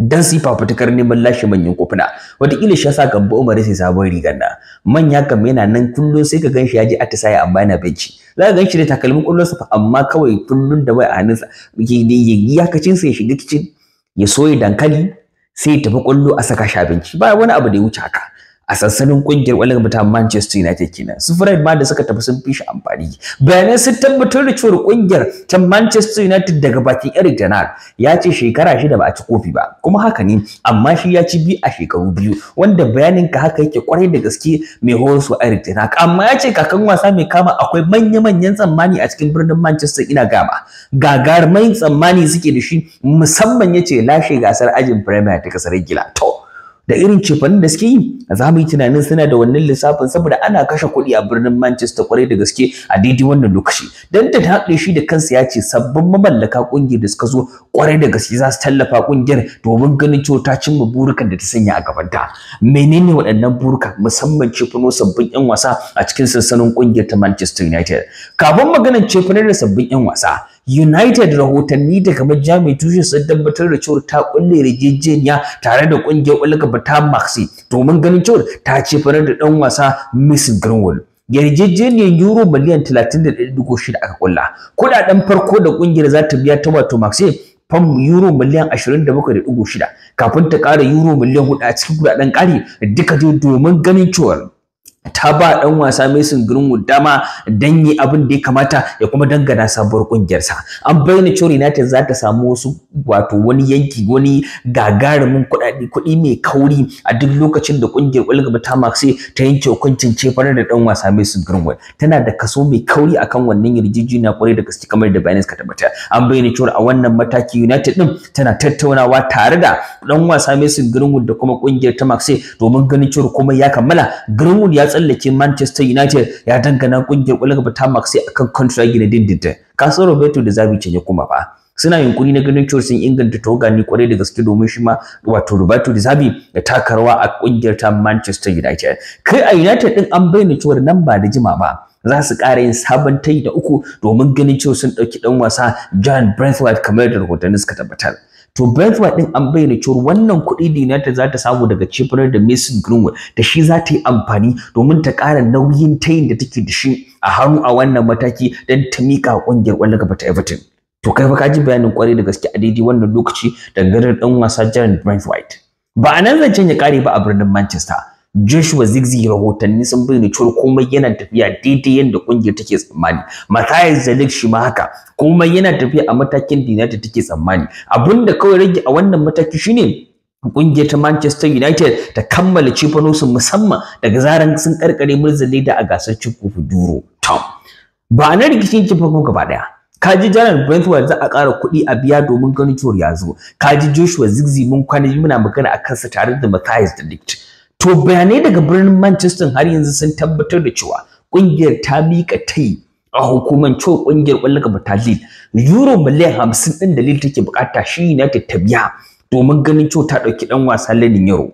dan su fafutukar neman lashe manyan kofuna wataƙila shi yasa gambo umar sai sabon rigar na manya kam yana nan kullun sai ka ganshi ya je atisaya amma yana benci za ka ganshi da takalmin kullun sa amma kawai kullun da bai a hannunsa yakacin sa ya shiga kicin ya soya dankali sai ya tafi kullu a saka shi abinci ba wani abu da ya wuce haka a sansanin kungiyar kwallon ta Manchester United kenan su Fred ma da suka tafi sun fi shi amfani bayanai sun tabbatar da cewa kungiyar ta Manchester United daga bakin Eric Ten Hag ya ce shekara shida ba a ci kofi ba kuma haka ne amma shi ya ci biyu a shekaru biyu wanda bayanin ka haka yake kwarai da gaske mai horso Eric Ten Hag amma ya ce kakan wasa mai kama akwai manya-manyan tsammani a cikin birnin Manchester ina gama gagarumai tsammani suke da shi musamman ya ce lashe gasar ajin Premier ta kasar gila to da irin cefanin da suke yi za mu yi tunanin suna da wannan lissafin saboda ana kashe kuɗi a birnin Manchester kwarai da gaske a daidai wannan lokaci dan da haɗe shi da kansa ya ce sabbin mamallaka ƙungiyar da suka zo kwarai da gaske za su tallafa ƙungiyar domin ganin cewa ta cimma burukan da ta sanya a gabanta menene waɗannan buruka musamman cefano sabbin yan wasa a cikin sansanin ƙungiyar ta Manchester United kafin maganar cefanar da sabbin yan wasa United rahotanni daga majami jami'in tushe sun tabbatar da cewa ta kulle yarjejeniya tare da kungiyar ƙwallon bata Maxi domin ganin cewa ta ci farar da dan wasa Miss Greenwood. Yarjejeniyar euro miliyan 31.6 aka kulla. Kudaden farko da kungiyar za ta biya ta wato Maxi fam euro miliyan 27.6 kafin ta ƙara euro miliyan 4 a cikin kudaden kari duka domin ganin cewa ta ba ɗan wasa Mason Greenwood dama dan yi abin da ya kamata ya kuma dangana sabuwar kungiyarsa an bayyana cewa United za ta samu wasu wato wani yanki wani gagarumin kuɗaɗe kuɗi mai kauri a duk lokacin da ƙungiyar Olga ta maxe ta yanke hukuncin cefar da ɗan wasa Mason Greenwood tana da kaso mai kauri akan wannan yarjejeniya kwarai da gaske kamar da bayanin ka tabbata an bayyana cewa a wannan mataki United din tana tattaunawa tare da dan wasa Mason Greenwood da kuma kungiyar ta maxe domin ganin cewa komai ya kammala Greenwood ya tsallake Manchester United ya dangana kungiyar kwallon kafa ta Marseille akan contract gina dindindin kasar Roberto da Zabi ce kuma ba, suna yunkuri na ganin cewa sun inganta togani kwarai da gaske domin shi ma wato Roberto da Zabi taka takarwa a kungiyar ta Manchester United. Kai a United din an bayyana cewa nan ba da jima ba za su ƙara yin sabon tayi da uku domin ganin cewa sun ɗauki ɗan wasa John Brentford kamar da rahotanni suka tabbatar. to birthright din an bayyana cewa wannan kuɗi ta za ta samu daga cifrar da Miss Greenwood da shi za ta yi amfani domin ta ƙara nauyin tayin da take da shi a hannu a wannan mataki don ta miƙa ƙungiyar ƙwallon gaba ta Everton. To kai fa ka ji bayanin kwarai da gaske a daidai wannan lokaci dangane da ɗan wasa Jared Brent White. Ba a nan zancen ya ƙare ba a birnin Manchester. Joshua Zigzi rahotanni sun bayyana cewa komai yana tafiya daidai yadda kungiyar take tsammani. Matthias Zelik shi ma haka komai yana tafiya a matakin da United take tsammani. Abinda kawai rage a wannan mataki shine kungiyar ta Manchester United ta kammala cifanosu musamman daga zaran sun karkare murzali da a gasar cin kofin Euro. Tom ba na rikicin ko gaba daya kaji janar Brentford za a ƙara kuɗi a biya domin ganin cewa ya zo kaji Joshua Zigzi mun kwana muna magana akan sa tare da Matthias Delict to bayanai daga birnin manchester har yanzu sun tabbatar da cewa ƙungiyar ta miƙa tayi a hukumar cewa ƙungiyar ƙwallon kafa ta lille euro miliyan hamsin ɗin da lille take buƙata shi united ta biya domin ganin cewa ta ɗauki ɗan wasa lenin yaro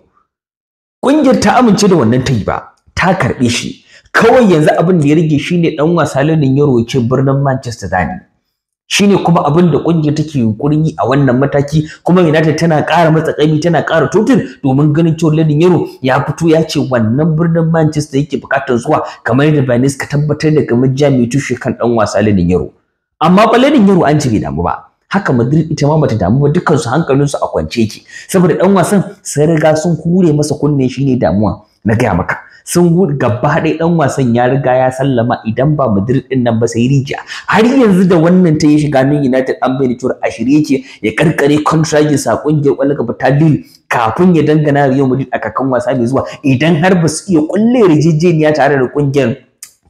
ƙungiyar ta amince da wannan tai ba ta karɓe shi kawai yanzu abin da ya rage shi ne ɗan wasa lenin yaro ya ce birnin manchester zani shine kuma abin da kungiyar take yunkurin yi a wannan mataki kuma United tana ƙara matsa ƙaimi tana ƙara totin domin ganin cewa Lenin Yero ya fito ya ce wannan birnin Manchester yake buƙatar zuwa kamar da banis ka tabbatar da kamar Jami Tushe kan dan wasa Lenin Yero amma ba Lenin Yero an ci bai damu ba haka Madrid ita ma bata damu ba dukkan su hankalin a kwance yake saboda dan wasan sai riga sun hure masa kunne shine damuwa na gaya maka sun gudu gaba ɗaya ɗan wasan ya riga ya sallama idan ba Madrid ɗin nan ba sai Rijiya har yanzu da wannan ta yi shiga nan United an bai cewa a shirye yake ya karkare contract sa kungiyar ƙwallon kafa ta Lille kafin ya dangana Real Madrid a kakan wasa mai zuwa idan har ba su iya kulle yarjejeniya tare da kungiyar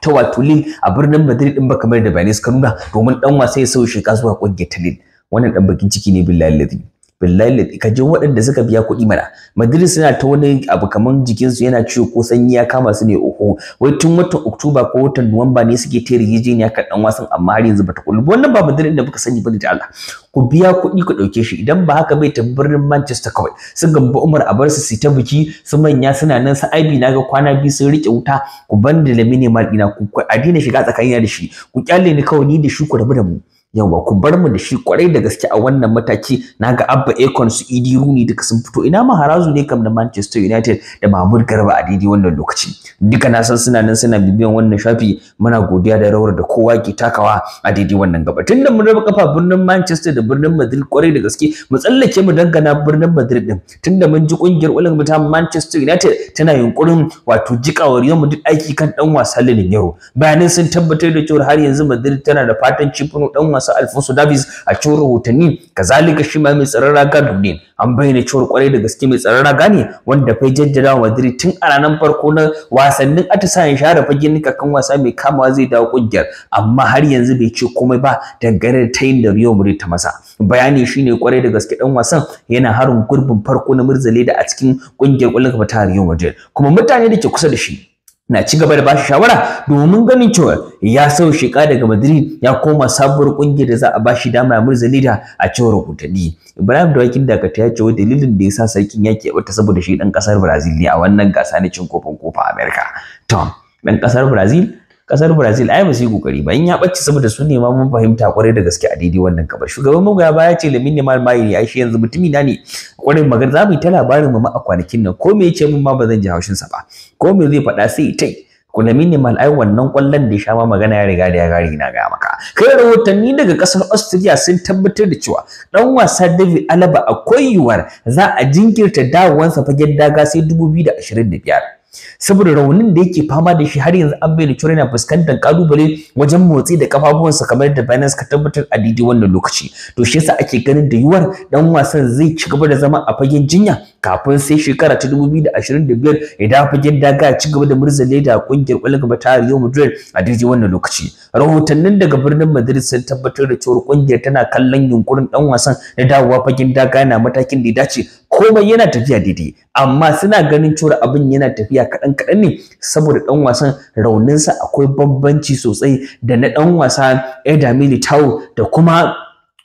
ta wato Lille a birnin Madrid ɗin ba kamar da bayanai suka nuna domin ɗan wasa ya sau shiga zuwa kungiyar ta Lille wannan ɗan bakin ciki ne billahi billahi ka je waɗanda suka biya kuɗi mana madrid suna ta wani abu kaman jikinsu yana ciwo ko sanyi ya kama su ne oho wai tun watan oktoba ko watan nuwamba ne suke ta yarjejeniya kan dan wasan amma har yanzu bata kullu wannan ba madrid da muka sani bane da Allah ku biya kuɗi ku ɗauke shi idan ba haka bai tafi birnin manchester kawai sun gamba umar a bar su su ta biki su manya suna nan su aibi na ga kwana biyu sun rike wuta ku banda da minimal ɗina ku adina shiga tsakanina da shi ku kyale ni kawai ni da shi ku rabu da mu yawa ku bar mu da shi kwarai da gaske a wannan mataki naga abba econ su idi runi duka sun fito ina maharazu ne kam da manchester united da mahmud garba a daidai wannan lokaci duka na san suna nan suna bibiyan wannan shafi muna godiya da rawar da kowa ke takawa a daidai wannan gaba tun da mun raba kafa birnin manchester da birnin madrid kwarai da gaske mu tsallake mu dangana birnin madrid din tun da mun ji kungiyar ulan ta manchester united tana yunkurin wato jikawar mu duk aiki kan dan wasa lenin yaro bayanin sun tabbatar da cewa har yanzu madrid tana da fatan cifino dan masu Alfonso Davies a cikin rahotanni kazalika shi ma mai tsaron raga Dublin an bayyana cewa kwarai da gaske mai tsaron raga ne wanda fai jaddada wa Madrid tun a ranar farko na wasannin atisayen share fagen kakan wasa mai kamawa zai dawo kungiyar amma har yanzu bai ce komai ba dangane da tayin da Real Madrid ta masa bayani shine kwarai da gaske dan wasan yana harin gurbin farko na Murzale da a cikin kungiyar kwallon kafa ta Real Madrid kuma mutane da ke kusa da shi na ci gaba da bashi shawara domin ganin cewa ya sau shika daga Madrid ya koma sabuwar kungiyar da za a bashi dama ya murza lida a cewar rahotanni Ibrahim da Dawakin Dakata ya ce wa dalilin da ya sa sarkin ya keɓe ta saboda shi ɗan kasar Brazil ne a wannan gasa na cin kofin kofa Amerika. Tom dan ƙasar Brazil kasar brazil ai ba su yi kokari ba in ya bacci saboda su ne ma mun fahimta kwarai da gaske a daidai wannan kaba shugaban magoya baya ce lamin ne mal mai ai shi yanzu mutumi na ne kwarai magana za mu yi ta labarin mu a kwanakin nan ko me ya ce mun ma ba zan ji haushin sa ba ko me zai faɗa sai tai ku lamin ne ai wannan kwallon da ya sha ma magana ya riga da ya gari na ga maka kai rahotanni daga kasar austria sun tabbatar da cewa dan wasa david alaba akwai yiwuwar za a jinkirta dawowansa fagen daga sai 2025 saboda raunin da yake fama da shi har yanzu an bayyana cewa yana fuskantar kalubale wajen motsi da kafafuwansa kamar da Binance ka tabbatar a daidai wannan lokaci to shi yasa ake ganin da yuwar dan wasan zai ci gaba da zama a fagen jinya kafin sai shekara ta 2025 idan fagen daga ci gaba da murzale da kungiyar kwallon ta Real Madrid a daidai wannan lokaci rahotannin daga birnin Madrid sun tabbatar da cewa kungiyar tana kallon yunkurin dan wasan da dawowa fagen daga yana matakin da ya dace komai yana tafiya daidai amma suna ganin cewa abin yana tafiya kaɗan kaɗan ne saboda ɗan wasan rauninsa akwai bambanci sosai da na ɗan wasa Edamili Tau da kuma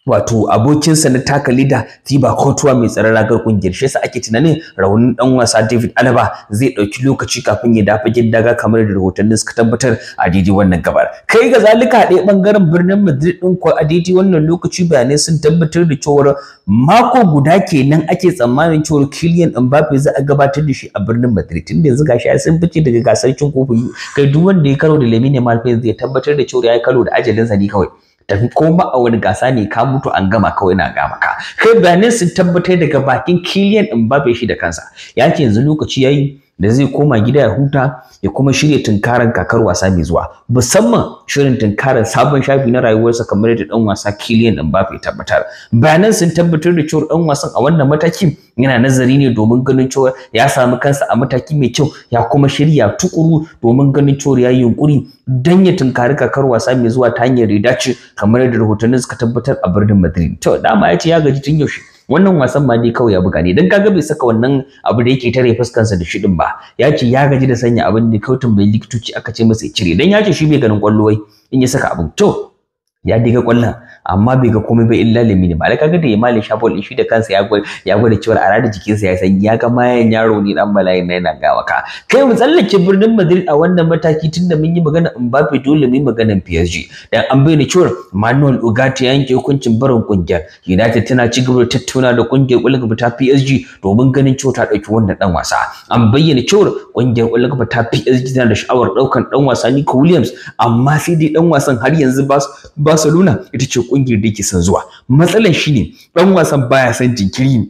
wato abokinsa na taka lida Thiba Courtois mai tsaron ragar kungiyar shi yasa ake tunanin raunin dan wasa David Alaba zai dauki lokaci kafin ya dafa daga kamar da rahotannin suka tabbatar a daidai wannan gabar kai ga zalika ɗaya bangaren birnin Madrid din ko a daidai wannan lokaci bayanai sun tabbatar da cewa mako guda kenan ake tsammanin cewa Kylian Mbappe za a gabatar da shi a birnin Madrid tunda yanzu gashi ya sun fice daga gasar cin kofin kai duk wanda ya karo da Lamine Yamal zai tabbatar da cewa ya karo da ajalinsa ne kawai tafi ma a wani gasa ne ka mutu an gama kawai na ga maka kai bayanin sun tabbatar daga bakin kiliyan in babe shi da kansa ya ce yanzu lokaci yayi da zai koma gida ya huta ya kuma shirya tunkaran kakar wasa mai zuwa musamman shirin tunkaran sabon shafi na rayuwarsa kamar yadda dan wasa kiliyan Kylian Mbappe tabbatar bayanan sun tabbatar da cewar dan wasan a wannan matakin yana nazari ne domin ganin cewa ya samu kansa a mataki mai kyau ya kuma shirya tukuru domin ganin cewa ya yi yunkuri dan ya tunkari kakar wasa mai zuwa ta hanyar ridaci kamar yadda rahotanni suka tabbatar a birnin Madrid to dama ya ce ya gaji tun yaushe wannan wasan ma dai kawai ya buga ne dan kaga bai saka wannan abu da yake tare fuskansa da shidin ba ya ce ya gaji da sanya abin da kautin bai likitoci aka ce masa ya cire dan ya ce shi bai ganin kwallo wai in ya saka abin to ya diga kwallon amma bai ga komai ba illa limini ba kaga da imali shabol shi da kansa ya gwada ya gwada a rada jikinsa ya san ya ga mayan yaro ne dan bala'i na yana gawa ka kai mu tsallake birnin Madrid a wannan mataki tunda mun yi magana Mbappe dole mu yi maganar PSG dan an bayyana cewar Manuel Ugarte ya yanke hukuncin barin kungiyar United tana ci gaba da tattauna da kungiyar Ulga ta PSG domin ganin cewa ta dauki wannan dan wasa an bayyana cewar kungiyar Ulga ta PSG tana da sha'awar daukan dan wasa Nico Williams amma sai dai dan wasan har yanzu Barcelona ita ce kungiyar da yake son zuwa matsalar shine ɗan wasan baya san jinkiri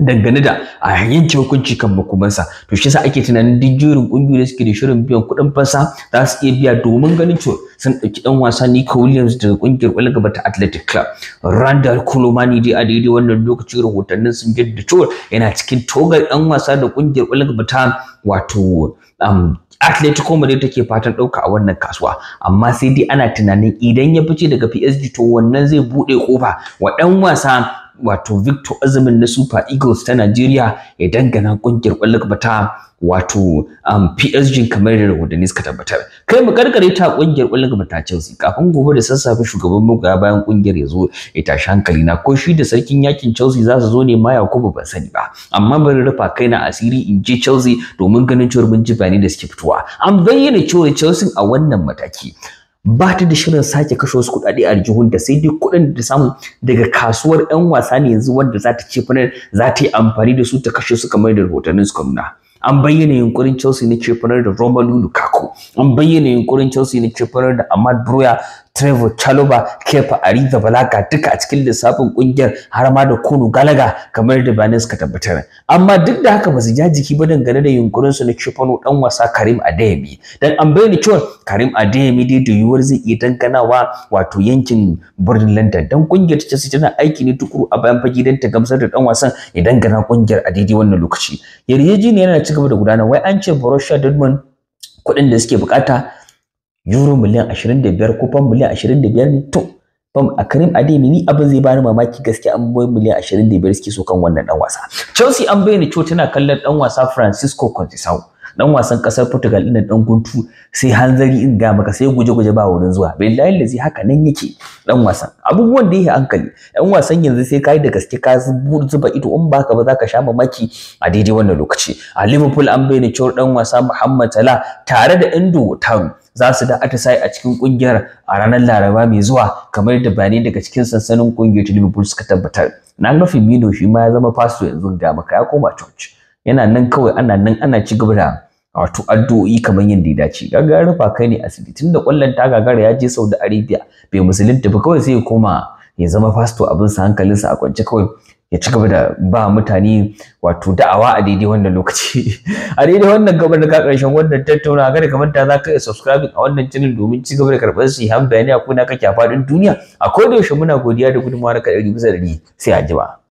dangane da a yanke hukunci kan makomansa to shi yasa ake tunanin duk jurin kungiyoyi da suke da shirin biyan kuɗin fansa za su iya biya domin ganin cewa sun ɗauki ɗan wasa Nico Williams daga kungiyar ƙwallon ta Athletic Club Randall Colomani dai a daidai wannan lokacin rahotannin sun jaddada cewa yana cikin togar ɗan wasa da kungiyar ƙwallon ta wato Atletico Madrid take fatan ɗauka a wannan kasuwa amma sai dai ana tunanin idan ya fice daga PSG to wannan zai buɗe kofa wa ɗan wasa wato Victor Azumin na Super Eagles ta Najeriya ya dangana kungiyar kwallon kafa wato um, PSG kamar da rahotanni suka tabbatar kai mu karkare ta kungiyar kwallon kafa ta Chelsea kafin gobe da sassafe shugaban magoya bayan kungiyar ya zo ya tashi hankali na ko shi da sarkin yakin Chelsea za su zo ne ma Yakubu ban sani ba amma bari rufa kai na asiri in je Chelsea domin ganin cewar mun ji bani da suke fitowa an bayyana cewa Chelsea a wannan mataki ba ta da shirin sake kashe wasu kuɗaɗe a aljihunta sai dai kuɗin da ta samu daga kasuwar 'yan wasa ne yanzu wanda za ta ce fanar za ta yi amfani da su ta kashe su kamar da rahotannin suka nuna. An bayyana yunkurin Chelsea na cefanar da Romelu Lukaku, an bayyana yunkurin Chelsea na cefanar da Ahmad Broya Trevor chaloba Kepa Arrizabalaga Balaka duka a cikin lissafin kungiyar har ma da Kunu Galaga kamar da Banes ka tabbatar. Amma duk da haka ba su ja jiki ba dangane da yunkurin su na cefano dan wasa Karim Adeyemi. Dan an bayyana cewa Karim Adeyemi dai da yiwuwar zai iya danganawa wato yankin birnin London dan kungiyar ta ce tana aiki ne tukuru a bayan fage dan ta gamsar da dan wasan idan dangana kungiyar a daidai wannan lokaci. Yarjeji ne yana cigaba da gudana wai an ce Borussia Dortmund kuɗin da suke bukata euro miliyan 25 ko pound miliyan 25 ne to fam a Karim Adeyemi ni abin zai bani mamaki gaskiya an bai miliyan 25 suke so kan wannan dan wasa Chelsea an bayyana cewa tana kallon dan wasa Francisco Contisau dan wasan kasar Portugal din dan guntu sai hanzari in ga maka sai guje-guje ba wurin zuwa billahi zai haka nan yake dan wasan abubuwan da yake hankali Ɗan wasan yanzu sai kai da gaske ka zuba ido in baka ba zaka sha mamaki a daidai wannan lokaci a Liverpool an bayyana cewa dan wasa Muhammad Salah tare da Endo Taru za su da atisai a cikin kungiyar a ranar laraba mai zuwa kamar da bayanai daga cikin sansanin kungiyar ta liverpool suka tabbatar na ga firmino shi ma ya zama fasto yanzu ga maka ya koma church yana nan kawai ana nan ana ci gaba da wato addu'o'i kamar yadda ya dace gagara rufa kai ne asibiti da kwallon ta gagara ya je saudi arabia bai musulunta ba kawai sai ya koma ya zama fasto abin sa hankalinsa a kwance kawai ya ci gaba da ba mutane wato da'awa a daidai wannan lokaci a daidai wannan gabar da ka karshen wannan tattauna kada ka manta za ka iya subscribing a wannan channel domin ci gaba da karɓar su han bayani a kuna kake a faɗin duniya a kodayaushe muna godiya da gudunmawar da kaɗari bisa ni sai a jima.